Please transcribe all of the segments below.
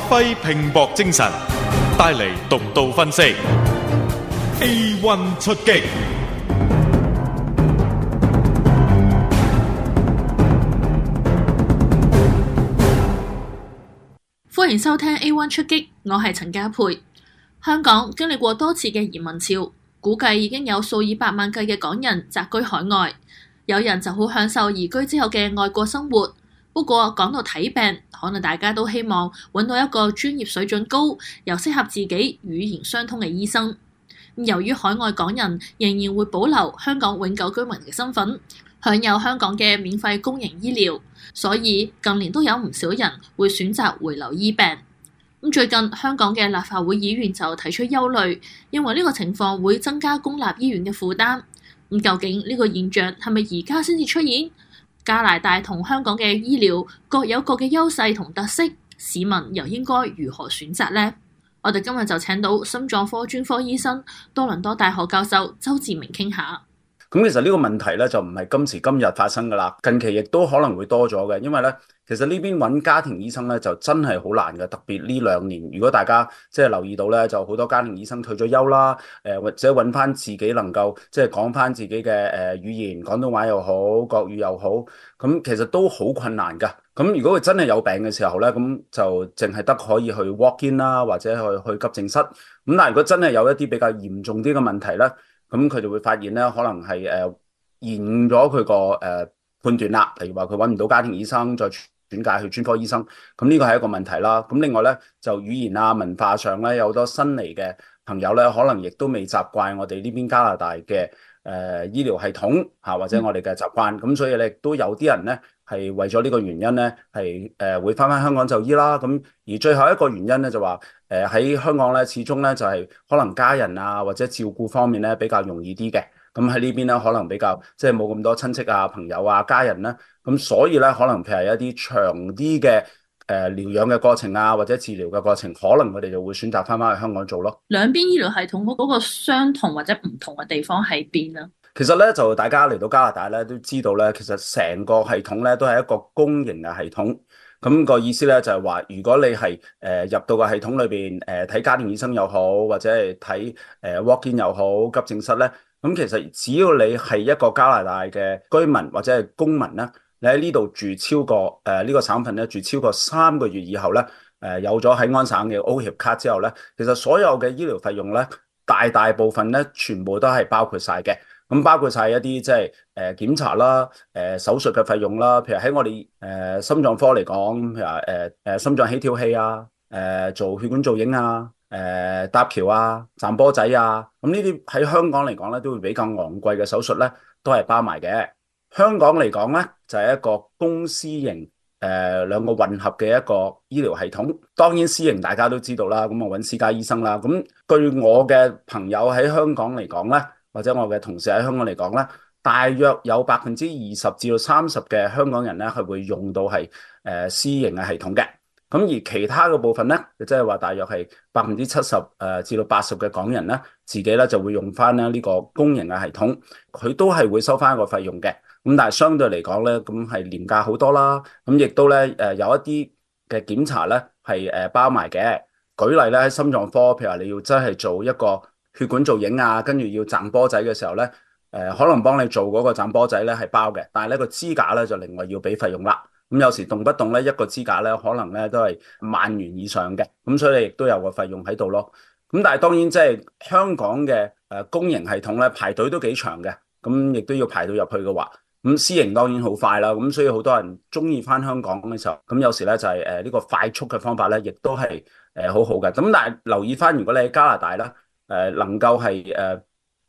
發揮拼搏精神，帶嚟獨到分析。A One 出擊，歡迎收聽 A One 出擊，我係陳嘉佩。香港經歷過多次嘅移民潮，估計已經有數以百萬計嘅港人擇居海外，有人就好享受移居之後嘅外國生活。不過講到睇病，可能大家都希望揾到一個專業水準高、又適合自己語言相通嘅醫生。由於海外港人仍然會保留香港永久居民嘅身份，享有香港嘅免費公營醫療，所以近年都有唔少人會選擇回流醫病。咁最近香港嘅立法會議員就提出憂慮，認為呢個情況會增加公立醫院嘅負擔。咁究竟呢個現象係咪而家先至出現？加拿大同香港嘅醫療各有各嘅優勢同特色，市民又應該如何選擇呢？我哋今日就請到心臟科專科醫生、多倫多大學教授周志明傾下。咁其實呢個問題咧就唔係今時今日發生㗎啦，近期亦都可能會多咗嘅，因為咧其實呢邊揾家庭醫生咧就真係好難嘅，特別呢兩年，如果大家即係留意到咧，就好多家庭醫生退咗休啦，誒、呃、或者揾翻自己能夠即係、就是、講翻自己嘅誒語言，廣東話又好，國語又好，咁、嗯、其實都好困難㗎。咁、嗯、如果佢真係有病嘅時候咧，咁、嗯、就淨係得可以去 walk in 啦，或者去去急症室。咁、嗯、但係如果真係有一啲比較嚴重啲嘅問題咧，咁佢就會發現咧，可能係、呃、延誤咗佢個誒判斷啦。例如話佢揾唔到家庭醫生，再轉介去專科醫生，咁呢個係一個問題啦。咁、嗯、另外咧，就語言啊、文化上咧，有好多新嚟嘅朋友咧，可能亦都未習慣我哋呢邊加拿大嘅誒、呃、醫療系統嚇、啊，或者我哋嘅習慣。咁、嗯、所以咧，亦都有啲人咧，係為咗呢個原因咧，係誒、呃、會翻翻香港就醫啦。咁而最後一個原因咧，就話誒喺香港咧，始終咧就係、是、可能家人啊或者照顧方面咧比較容易啲嘅。咁喺呢邊咧，可能比較即係冇咁多親戚啊朋友啊家人咧、啊。咁所以咧，可能譬如一啲長啲嘅誒療養嘅過程啊，或者治療嘅過程，可能佢哋就會選擇翻翻去香港做咯。兩邊醫療系統嗰嗰個相同或者唔同嘅地方喺邊啊？其實咧就大家嚟到加拿大咧都知道咧，其實成個系統咧都係一個公營嘅系統。咁、那個意思咧就係、是、話，如果你係誒、呃、入到個系統裏邊，誒、呃、睇家庭醫生又好，或者係睇誒 walk-in 又好，急症室咧，咁、嗯、其實只要你係一個加拿大嘅居民或者係公民咧，你喺呢度住超過誒呢、呃、這個省份咧住超過三個月以後咧，誒、呃、有咗喺安省嘅 OHIP 卡之後咧，其實所有嘅醫療費用咧，大大部分咧全部都係包括晒嘅。咁包括晒一啲即係誒、呃、檢查啦、誒、呃、手術嘅費用啦。譬如喺我哋誒、呃、心臟科嚟講，譬如話誒誒心臟起跳器啊、誒、呃、做血管造影啊、誒、呃、搭橋啊、站波仔啊。咁呢啲喺香港嚟講咧，都會比較昂貴嘅手術咧，都係包埋嘅。香港嚟講咧，就係、是、一個公私營誒、呃、兩個混合嘅一個醫療系統。當然，私營大家都知道啦，咁啊揾私家醫生啦。咁據我嘅朋友喺香港嚟講咧，或者我嘅同事喺香港嚟講咧，大約有百分之二十至到三十嘅香港人咧係會用到係誒私營嘅系統嘅。咁而其他嘅部分咧，即係話大約係百分之七十誒至到八十嘅港人咧，自己咧就會用翻咧呢個公營嘅系統，佢都係會收翻一個費用嘅。咁但係相對嚟講咧，咁係廉價好多啦。咁亦都咧誒有一啲嘅檢查咧係誒包埋嘅。舉例咧喺心臟科，譬如話你要真係做一個血管造影啊，跟住要掙波仔嘅時候咧，誒、呃、可能幫你做嗰個掙波仔咧係包嘅，但係咧個支架咧就另外要俾費用啦。咁、嗯、有時動不動咧一個支架咧可能咧都係萬元以上嘅，咁所以你亦都有個費用喺度咯。咁、嗯、但係當然即係香港嘅誒公營系統咧排隊都幾長嘅，咁、嗯、亦都要排到入去嘅話，咁、嗯、私營當然好快啦。咁、嗯、所以好多人鍾意返香港嘅時候，咁、嗯、有時咧就係誒呢個快速嘅方法咧，亦都係誒好好嘅。咁但係留意返，如果你喺加拿大啦。誒、呃、能夠係誒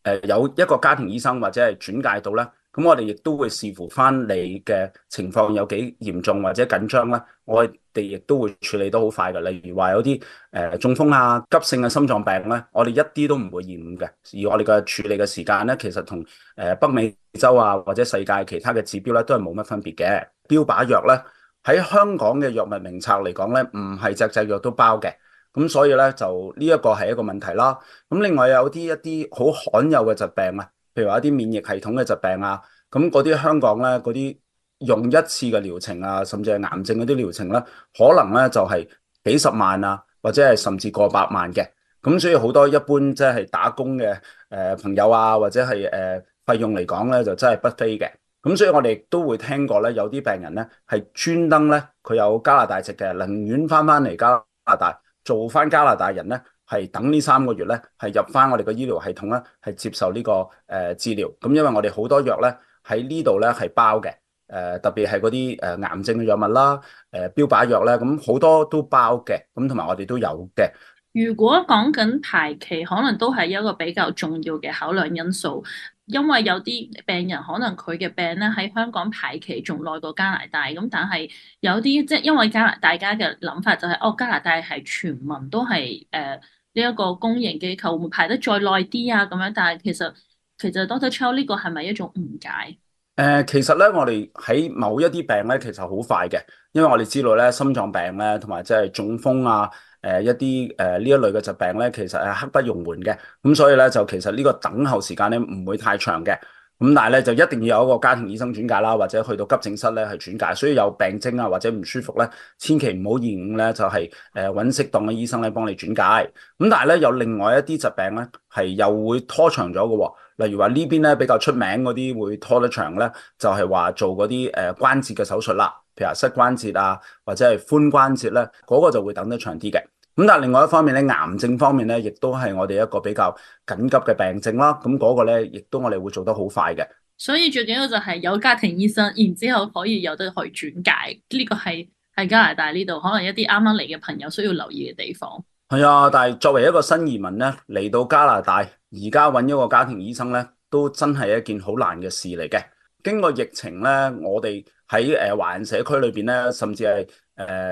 誒有一個家庭醫生或者係轉介到咧，咁我哋亦都會視乎翻你嘅情況有幾嚴重或者緊張咧，我哋亦都會處理得好快㗎。例如話有啲誒、呃、中風啊、急性嘅、啊、心臟病咧、啊，我哋一啲都唔會延誤嘅。而我哋嘅處理嘅時間咧，其實同誒、呃、北美洲啊或者世界其他嘅指標咧都係冇乜分別嘅。標靶藥咧喺香港嘅藥物名冊嚟講咧，唔係隻隻藥都包嘅。咁所以咧就呢一個係一個問題啦。咁另外有啲一啲好罕有嘅疾病啊，譬如話一啲免疫系統嘅疾病啊，咁嗰啲香港咧，嗰啲用一次嘅療程啊，甚至係癌症嗰啲療程咧、啊，可能咧就係幾十萬啊，或者係甚至過百萬嘅。咁所以好多一般即係打工嘅誒、呃、朋友啊，或者係誒、呃、費用嚟講咧，就真係不菲嘅。咁所以我哋都會聽過咧，有啲病人咧係專登咧，佢有加拿大籍嘅，寧願返返嚟加拿大。做翻加拿大人咧，係等呢三個月咧，係入翻我哋嘅醫療系統咧，係接受呢、這個誒、呃、治療。咁、嗯、因為我哋好多藥咧喺呢度咧係包嘅，誒、呃、特別係嗰啲誒癌症嘅藥物啦，誒、呃、標靶藥咧，咁、嗯、好多都包嘅。咁同埋我哋都有嘅。如果講緊排期，可能都係一個比較重要嘅考量因素。因為有啲病人可能佢嘅病咧喺香港排期仲耐過加拿大咁，但係有啲即係因為加拿大，大家嘅諗法就係、是、哦加拿大係全民都係誒呢一個公營機構會，會排得再耐啲啊咁樣，但係其實其實 Doctor Chow 呢個係咪一種誤解誒、呃？其實咧我哋喺某一啲病咧其實好快嘅，因為我哋知道咧心臟病咧同埋即係中風啊。誒、呃、一啲誒呢一類嘅疾病咧，其實係刻不容緩嘅，咁所以咧就其實呢個等候時間咧唔會太長嘅，咁但係咧就一定要有一個家庭醫生轉介啦，或者去到急症室咧去轉介，所以有病徵啊或者唔舒服咧，千祈唔好二五咧就係誒揾適當嘅醫生咧幫你轉介，咁但係咧有另外一啲疾病咧係又會拖長咗嘅、哦，例如話呢邊咧比較出名嗰啲會拖得長咧，就係、是、話做嗰啲誒關節嘅手術啦，譬如話膝關節啊或者係髖關節咧，嗰、那個就會等得長啲嘅。咁但係另外一方面咧，癌症方面咧，亦都係我哋一個比較緊急嘅病症啦。咁嗰個咧，亦都我哋會做得好快嘅。所以最緊要就係有家庭醫生，然之後可以有得去轉介。呢個係係加拿大呢度可能一啲啱啱嚟嘅朋友需要留意嘅地方。係啊，但係作為一個新移民咧，嚟到加拿大而家揾一個家庭醫生咧，都真係一件好難嘅事嚟嘅。經過疫情咧，我哋喺誒華人社區裏邊咧，甚至係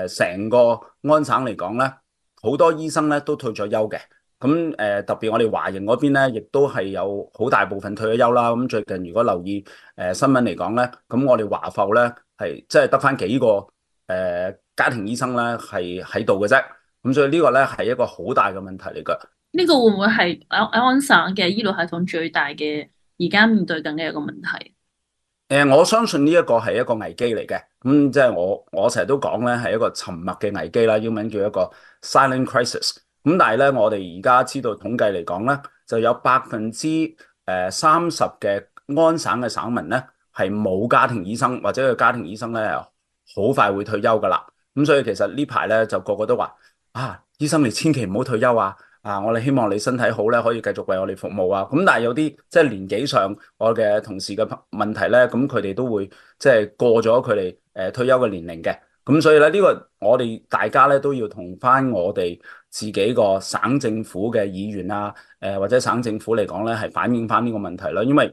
誒成個安省嚟講咧。好多醫生咧都退咗休嘅，咁誒特別我哋華人嗰邊咧，亦都係有好大部分退咗休啦。咁最近如果留意誒、呃、新聞嚟講咧，咁我哋華埠咧係即係得翻幾個誒、呃、家庭醫生咧係喺度嘅啫。咁所以呢個咧係一個好大嘅問題嚟㗎。呢個會唔會係安省嘅醫療系統最大嘅而家面對緊嘅一個問題？誒、呃，我相信呢一個係一個危機嚟嘅，咁、嗯、即係我我成日都講咧，係一個沉默嘅危機啦，英文叫一個 silent crisis、嗯。咁但係咧，我哋而家知道統計嚟講咧，就有百分之誒三十嘅安省嘅省民咧係冇家庭醫生，或者個家庭醫生咧好快會退休噶啦。咁、嗯、所以其實呢排咧就個個都話啊，醫生你千祈唔好退休啊！啊！我哋希望你身體好咧，可以繼續為我哋服務啊！咁但係有啲即係年紀上我嘅同事嘅問題咧，咁佢哋都會即係過咗佢哋誒退休嘅年齡嘅。咁所以咧，呢、這個我哋大家咧都要同翻我哋自己個省政府嘅議員啊，誒、呃、或者省政府嚟講咧，係反映翻呢個問題啦。因為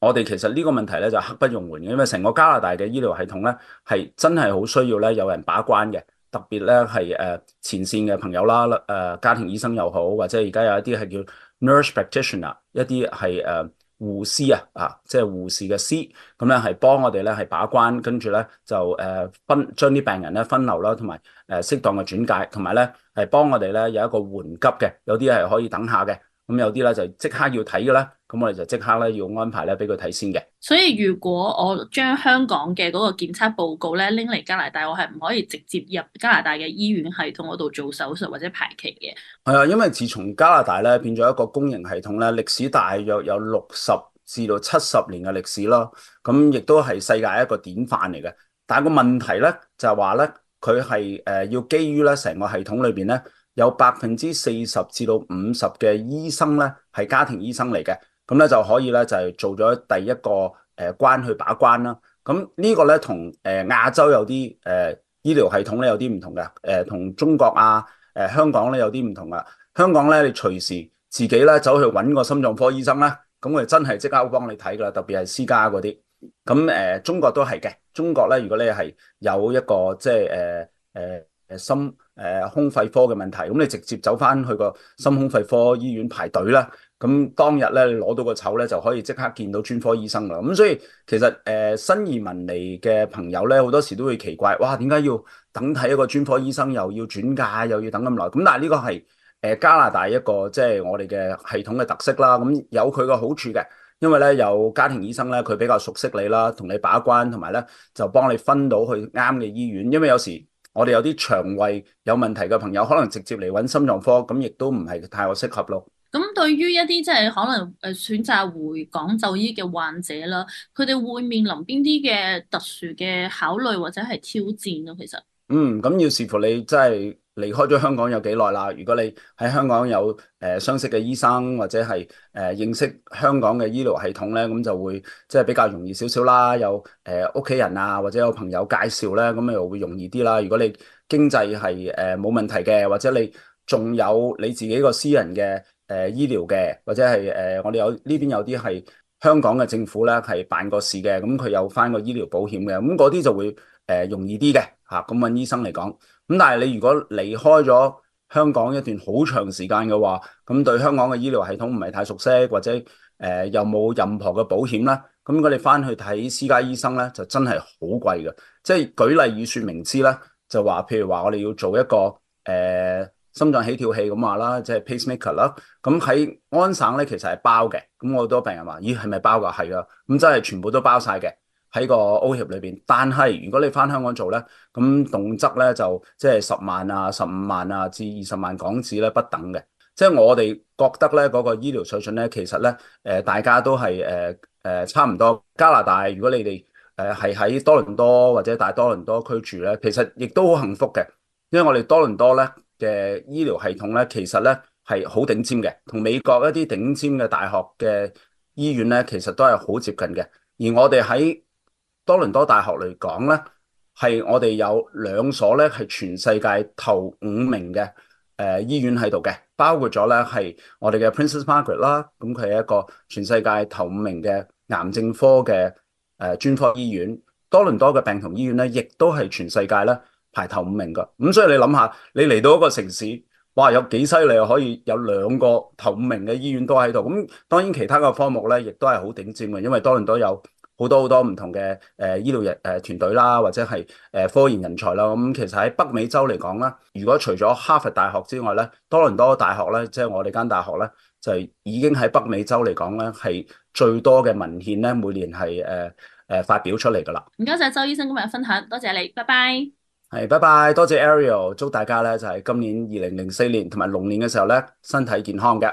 我哋其實呢個問題咧就是、刻不容緩嘅，因為成個加拿大嘅醫療系統咧係真係好需要咧有人把關嘅。特別咧係誒前線嘅朋友啦，誒家庭醫生又好，或者而家有一啲係叫 Nurse Practitioner，一啲係誒護師啊，啊，即係護士嘅師，咁咧係幫我哋咧係把關，跟住咧就誒分將啲病人咧分流啦，同埋誒適當嘅轉介，同埋咧係幫我哋咧有一個緩急嘅，有啲係可以等下嘅。咁有啲咧就即刻要睇嘅啦。咁我哋就即刻咧要安排咧俾佢睇先嘅。所以如果我將香港嘅嗰個檢測報告咧拎嚟加拿大，我係唔可以直接入加拿大嘅醫院系統嗰度做手術或者排期嘅。係啊，因為自從加拿大咧變咗一個公營系統咧，歷史大約有六十至到七十年嘅歷史咯。咁亦都係世界一個典範嚟嘅。但係個問題咧就係話咧，佢係誒要基於咧成個系統裏邊咧。有百分之四十至到五十嘅醫生咧，係家庭醫生嚟嘅，咁咧就可以咧就係、是、做咗第一個誒、呃、關去把關啦。咁呢個咧同誒亞洲有啲誒、呃、醫療系統咧有啲唔同嘅，誒、呃、同中國啊、誒香港咧有啲唔同啊。香港咧，你隨時自己咧走去揾個心臟科醫生啦。咁佢真係即刻幫你睇噶啦。特別係私家嗰啲，咁、呃、誒中國都係嘅。中國咧，如果你係有一個即係誒誒心。誒胸、呃、肺科嘅問題，咁、嗯、你直接走翻去個心胸肺科醫院排隊啦。咁、嗯、當日咧你攞到個籌咧，就可以即刻見到專科醫生啦。咁、嗯、所以其實誒、呃、新移民嚟嘅朋友咧，好多時都會奇怪，哇點解要等睇一個專科醫生，又要轉介，又要等咁耐？咁、嗯、但係呢個係誒、呃、加拿大一個即係、就是、我哋嘅系統嘅特色啦。咁、嗯、有佢個好處嘅，因為咧有家庭醫生咧，佢比較熟悉你啦，同你把關，同埋咧就幫你分到去啱嘅醫院，因為有時。我哋有啲腸胃有問題嘅朋友，可能直接嚟揾心臟科，咁亦都唔係太適合咯。咁對於一啲即係可能誒選擇回港就醫嘅患者啦，佢哋會面臨邊啲嘅特殊嘅考慮或者係挑戰咯？其實嗯，咁要視乎你即係。離開咗香港有幾耐啦？如果你喺香港有誒、呃、相識嘅醫生，或者係誒、呃、認識香港嘅醫療系統咧，咁就會即係比較容易少少啦。有誒屋企人啊，或者有朋友介紹咧，咁又會容易啲啦。如果你經濟係誒冇問題嘅，或者你仲有你自己個私人嘅誒、呃、醫療嘅，或者係誒、呃、我哋有呢邊有啲係香港嘅政府咧係辦個事嘅，咁、嗯、佢有返個醫療保險嘅，咁嗰啲就會誒、呃、容易啲嘅嚇。咁、啊、揾醫生嚟講。咁但係你如果離開咗香港一段好長時間嘅話，咁對香港嘅醫療系統唔係太熟悉，或者誒又冇任何嘅保險啦。咁我哋翻去睇私家醫生咧，就真係好貴嘅。即係舉例以説明知啦，就話譬如話我哋要做一個誒心臟起跳器咁話啦，即係 pacemaker 啦，咁喺安省咧其實係包嘅。咁我好多病人話：咦係咪包㗎？係啊，咁真係全部都包晒嘅。喺個歐協裏邊，但係如果你返香港做咧，咁動輒咧就即係十萬啊、十五萬啊至二十萬港紙咧不等嘅。即係我哋覺得咧，嗰、那個醫療水準咧，其實咧，誒、呃、大家都係誒誒差唔多。加拿大如果你哋誒係喺多倫多或者大多倫多區住咧，其實亦都好幸福嘅，因為我哋多倫多咧嘅醫療系統咧，其實咧係好頂尖嘅，同美國一啲頂尖嘅大學嘅醫院咧，其實都係好接近嘅。而我哋喺多倫多大學嚟講咧，係我哋有兩所咧係全世界頭五名嘅誒醫院喺度嘅，包括咗咧係我哋嘅 Princess Margaret 啦，咁佢係一個全世界頭五名嘅癌症科嘅誒專科醫院。多倫多嘅病童醫院咧，亦都係全世界咧排頭五名㗎。咁所以你諗下，你嚟到一個城市，哇！有幾犀利可以有兩個頭五名嘅醫院都喺度。咁當然其他嘅科目咧，亦都係好頂尖嘅，因為多倫多有。好多好多唔同嘅誒醫療人誒團隊啦，或者係誒科研人才啦。咁其實喺北美洲嚟講咧，如果除咗哈佛大學之外咧，多倫多大學咧，即係我哋間大學咧，就係已經喺北美洲嚟講咧，係最多嘅文獻咧，每年係誒誒發表出嚟㗎啦。唔該曬周醫生今日分享，多謝你，拜拜。係，拜拜，多謝 Ariel，祝大家咧就係今年二零零四年同埋龍年嘅時候咧，身體健康嘅。